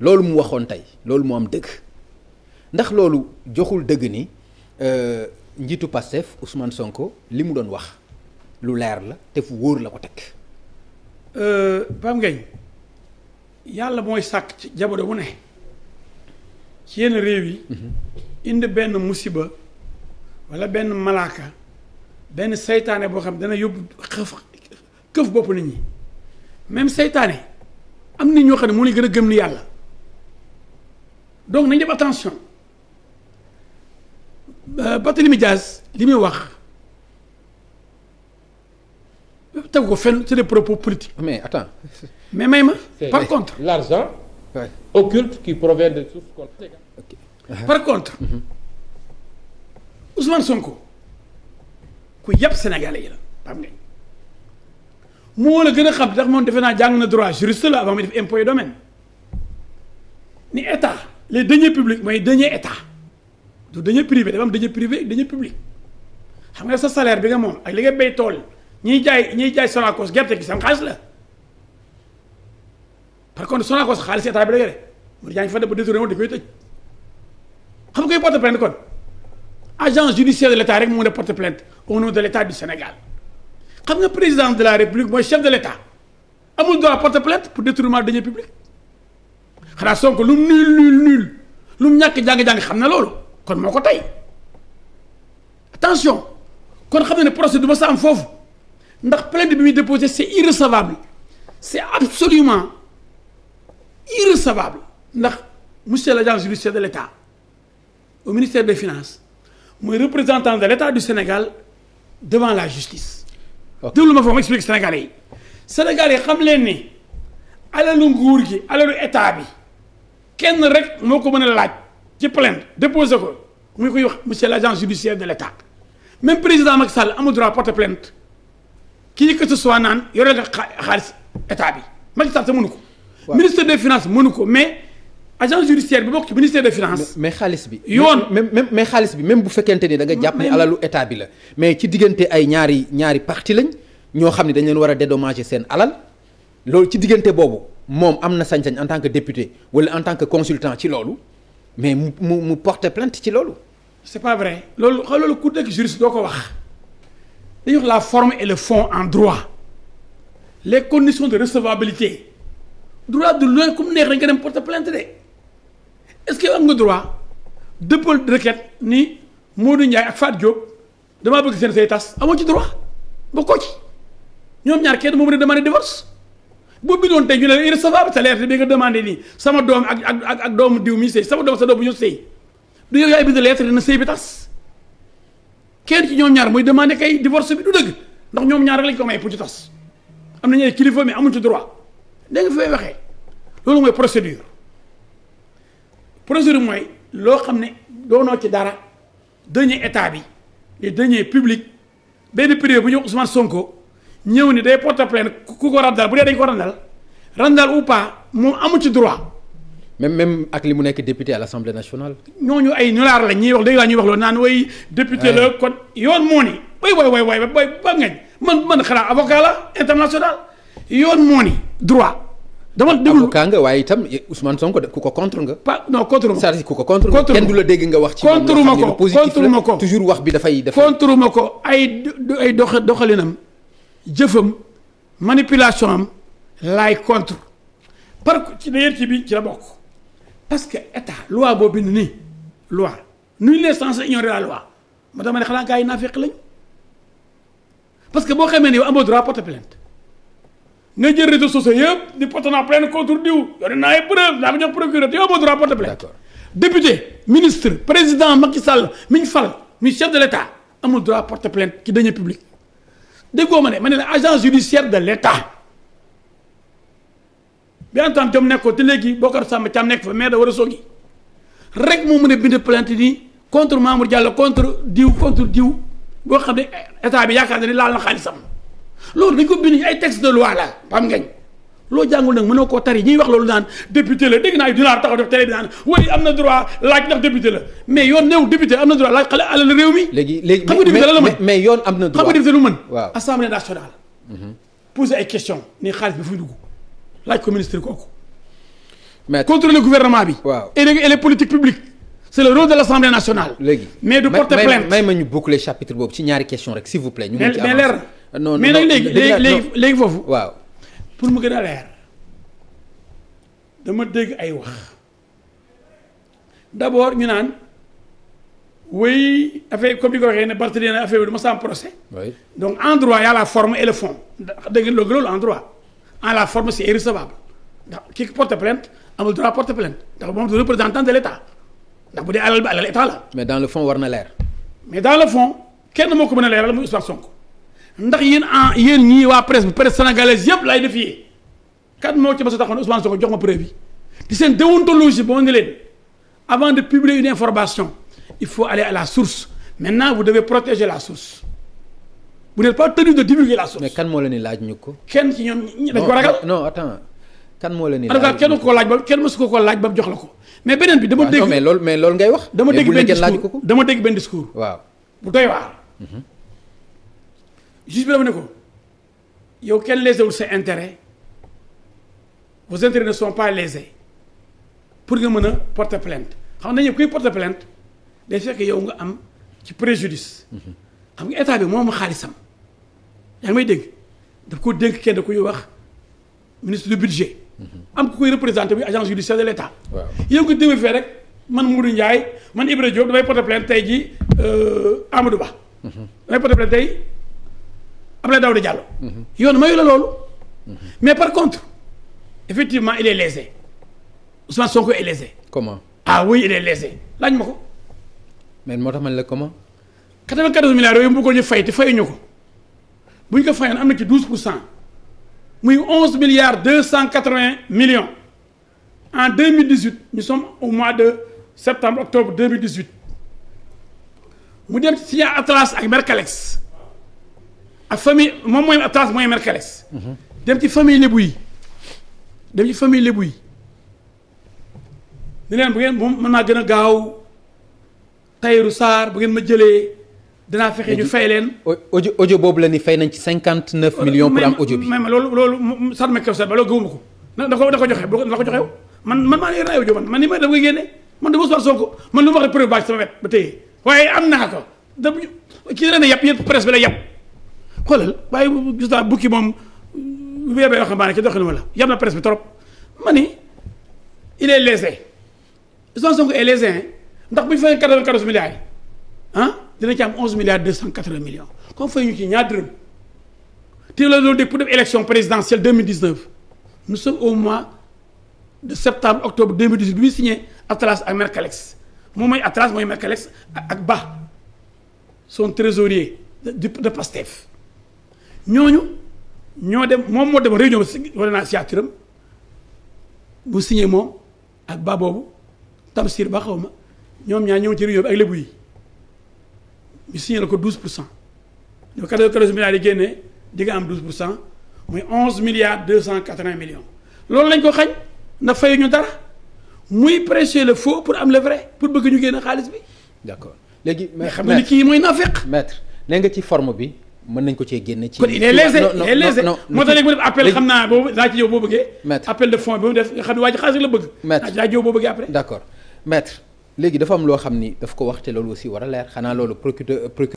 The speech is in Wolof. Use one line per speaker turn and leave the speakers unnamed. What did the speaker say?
loolu mu waxoon tey loolu mu am dëgg ndax loolu joxul dëgg ni euh, njiitu Pastef Ousmane Sonko li mu doon wax lu leer la te fu wóor la ko teg.
Euh, Pam Ngagne yàlla mooy sàkk ci jamono bu ne ci yenn réew yi. Mhm. indi benn musiba walla benn malaaka benn seytaane boo xam dana yóbbu këf bopp nit ñi même seytaane am na ñoo xam ne moo ñu gën a gëm ni yàlla. donc nañ def attention euh, Barthélémy Dias li muy wax tegu ko fenn c'est des propos politiques. mais attends. mais may ma par contre. l'argent occulte qui provient de sources okay. par contre mm -hmm. Ousmane Sonko ku yàpp Sénégalais yi la xam nga moo la gën a xam ndax moom defe naa jàng na droit juriste la avant muy def impôt domaine ni état. les deniers publics mooy denier état du denier privé dafa am denier privé denier public xam nga sa salaire bi nga moom ak li nga béy tool ñiy jaay ñiy jaay Sonacos gerte gi sam xaalis la par contre Sonacos xaalis état bi la yore fa ba détourné woon dañ koy nga porte plainte kon agence judiciaire de l' état rek moo mën a porte plainte de l' état du Sénégal xam nga président de la république mooy chef de l' état amul droit porte plainte pour détournement de deniers publics xanaa Sonko lu mu nul nul nul lu mu ñàkk jàng-jàng xam na loolu kon moo ko tey attention kon xam na ne procès du ma sa am foofu ndax plainte bi muy déposé c'est irrecevable c'est absolument irrecevable ndax monsieur l'agent judiciaire de l'État au ministère de Finances mooy représentant de l'État du Sénégal devant la justice déglu ma foofu ma explique Sénégalais yi Sénégalais yi xam leen ni alalu nguur gi alalu état bi kenn rek moo ko mën a laaj ci plainte déposé ko muy koy wax monsieur l' agent judiciaire de l' état même président Macky Sall amul droit porter plainte kii que ce soit naan yore nga xaalis état bi Macky Sall sa mënu ko. ministre des finances mënu ko mais agent judiciaire bi bokk ci ministère de finance mais xaalis bi. yoon
même même mais xaalis bi même bu fekkente ni da nga jàpp ne alalu état bi la mais ci diggante ay ñaari ñaari parti lañ ñoo xam ne dañ leen war a dédommager seen alal loolu ci diggante boobu. moom am na sañ-sañ en tant que député wala en tant que consultant ci loolu mais mu mu mu porter plainte ci loolu. c'est pas vrai loolu xam loolu ku dëkk juriste doo ko wax dañuy wax la forme et le fond
en droit les condition de recevabilité droit du loin comme neex rek nga dem porter plainte de est-ce que am nga droit dëppal requête ni Modou Ndiaye ak Fatou Diop damaa bëgg seen say tas amoo ci droit ko ci ñoom ñaar kenn moom ne demande divorce. boo bindoon tey ñu ne irrecevable salaire bi nga demandé nii sama doom ak ak ak doomu diw mi sëy sama doom sa doom bu ñu sëy du yow yaay bind lettre na sëy bi tas kenn ci ñoom ñaar mooy demande kay divorce bi du dëgg ndax ñoom ñaar rek lañ ko may pour tas am nañu ay kilifa mais amuñ ci droit da nga fay waxee loolu mooy procédure procédure mooy loo xam ne doo doonoo ci dara deniers état bi les deniers publics benn privé bu ñëw Ousmane Sonko. ñëw ni day porte plainte ku ko randal bu dee dañ ko randal randal ou pas moom amu ci droit.
même même ak li mu nekk député à l' assemblée nationale.
ñooñu ay nulaar la ñuy wax dëgg laa ñuy wax loolu naan way député la kon yoon moo ni. way way way way way ba ngañ man man
xanaa avocat la yoon moo ni droit. dama déglu avocat nga waaye itam Ousmane Sonko ku ko contre nga. pas non contre ma c'est-à-dire ku ko contre nga. kenn du la dégg nga wax. ci moom loo xam ne positif la toujours wax bi dafay def. contre ma ko ay ay doxalinam.
jëfam manipulation am laay contre par ci d'ailleurs bi ci la parce que état loi boobu bind nii loi nul n'est censé ignorer la loi ma dama ne xanaa gars yi naafeq lañ parce que boo xamee ni yow amoo droit porter plainte nga jël réseaux sociaux yëpp di porter naa plainte contre diw yore naa ay preuve naa ko jox procureur te yow amoo droit porter plainte député ministre président Macky Sall mi ñu fal mi chef de l' état amul droit porter plainte ci dañu public déggoo ma ne ma ne la agent judiciaire de l' état bi Antoine Diome nekkoo te léegi Bocar Samba Thiam nekk fa maire de Ourossogui rek moo mu ne bind plainte nii contre Mamour Diallo contre diw contre diw boo xam ne état bi yaakaar na ne laal na xaalisam loolu dañ ko bind ay texte de loi la PAM ngañ. loo jàngul nag mënoo koo tari ñuy wax loolu naan député la dégg naa ay dinaar taxaw def télé bi naan wari am na droit laaj ndax député la mais yoon néew député am na droit laaj xale alal réew mi. léegi léegi xam mais yoon am na droit xam nga député lu mën. waaw assemblée nationale. Mhm. poser ay questions ni xaalis bi fuy ñu dugg laaj ko ministre kooku. mais contrôler gouvernement bi. waaw et e et les politiques publiques. le rôle de l' assemblée léegi
mais du porter plainte may ma ñu boucler chapitre boobu s' il vous plaît. ñu foofu waaw pour mu gën a leer
dama dégg ay wax d'abord ñu naan oui affaire comme i ko waxee ne Barthélémy na affaire bi du ma am procès. donc en droit y la forme et le fond. ndax dégg nga loolu en droit la forme c'est irrecevable ndax kii porte plainte amul droit porte plainte ndax moom du représentant de l'État ndax bu dee alal bi alal État la. mais dans le fond war na leer. mais dans le fond kenn moo ko mën a leeral muy Ousmane Sonko. ndax yéen en yéen ñii waa presse bi presse sénégalaise yëpp lay défier kan moo ci ma sa taxoon Ousmane Sonko jox ma preuve di seen déontologie boo ne leen avant de publier une information il faut aller la source maintenant bu devez protéger la source vous n'êtes pas tenu de divulguer la source. mais
kan moo leen laaj ñu ko.
kenn ci ñoom dañ ko ragal
non attends kan moo leen laaj kenn
ko laaj ba kenn mësu ko ko laaj ba jox la ko mais beneen bi. dama dégg mais loolu mais wax. dama dégg benn discours dama dégg benn discours. waaw bu doy juge bi dama ne ko yow kenn léséwul sa intérêt vos intérêts ne sont pas lésés pour nga mën a porter plainte xam nañu kuy porter plainte day fekk yow nga am ci préjudice. xam nga état bi moom xaalisam yaa ngi may dégg daf ko dénk kenn ku wax ministre du budget. am ku koy représenté bi agence judiciaire de l' état. yow nga déwé fee rek man Ndiaye man Ibrahima Diop damay porter plainte tey ji euh, Amadou Ba. Mhm. damay porter plainte tey. Abdoulaye Daouda jàll yoon mayu la loolu. mais par contre effectivement il est lésé soo Sonko est lésé. comment ah oui il est lésé ma ko. mais moo tax ma ne la comment. 94 milliards yooyu mu bëggoon ñu fay te fayuñu ko bu ñu ko fayoon am na ci 12 pour cent muy 11 milliards 280 millions en 2018 nous sommes au mois de septembre octobre 2018 mu dem ci signé Atlas ak Mercalex. ak famille moom mooy Atlas mooy Merkeles dem ci famille lébu yi dem ci famille lébu yi ne leen bu ngeen moom mën naa gën a gaaw Tayru Sarr bu ngeen ma jëlee dinaa fexe ñu fay leen. audio audio boobu la ni fay nañ ci cinquante neuf euh, millions. pour am audio bi même loolu loolu Sarr Merkeles Sarr ba loolu gëwuma ko. na da ko da ko joxe bu da ko joxe man man maa yor naa audio man man ni ma da koy génne man dama Ousmane Sonko man lu ma waxee preuve baa ci sama wet ba téye waaye am naa ko da kii da ne yàpp yéen la yàpp. xoolal waaye gis naa bukki moom weebee yoo xam ci doxin wala yam na presse bi trop ma ni il e lésé Ousmane Sonko est lésé ndax bu ñu fayee 94 milliards yi ah dina am 11 milliards 280 millions comme fay ñu ci ñaar dërëm te la doon dégg pour def élection présidentielle 2019 nous sommes au mois de septembre octobre 2018 bi muy signé Atlas ak Mercalex moom mooy Atlas mooy Mercalex ak Ba son trésorier de de Pastef ñooñu ñoo dem moom moo dem réunion si wala naa signature am bu signé moom ak ba boobu Tamsir ba xaw ma ñoom ñaa ñëw ci réunion bi ak lébu yi ñu signé la ko 12 pour cent ñoo 14 milliards yi génnee di nga am 12 pour cent muy 11 milliards 280 loolu lañ ko xañ na fayu ñu dara muy prêcher le faux pour am le pour bëgg ñu génn xaalis bi.
accord léegi mais xam nga ni kii mooy naafeq. maître nee nga ci forme bi. mën nañ ko cee génne. ci il est lésé il est lésé moo tax léegi mu def appel xam naa boobu daa ci boo bëggee. maître appel de fond bi mu def nga xam ne waa ji xaalis la bëgg. maître daa ci boo bëggee après. d' accord léegi dafa am loo xam ni daf ko wax loolu aussi war a leer xanaa loolu procureur